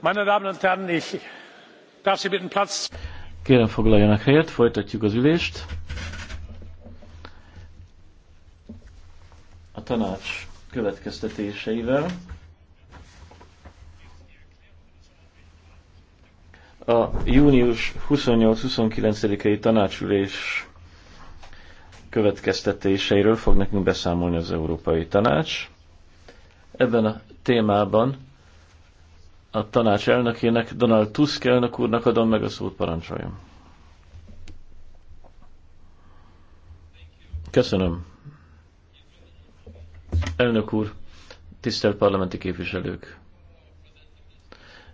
meine damen und herren ich darf sie bitten platz kérem foglaljanak helyet folytatjuk az ülést a tanács következtetéseivel a június 28-29-i tanácsülés következtetéseiről fog nekünk beszámolni az Európai Tanács. Ebben a témában a tanács elnökének, Donald Tusk elnök úrnak adom meg a szót, parancsoljon. Köszönöm. Elnök úr, tisztelt parlamenti képviselők!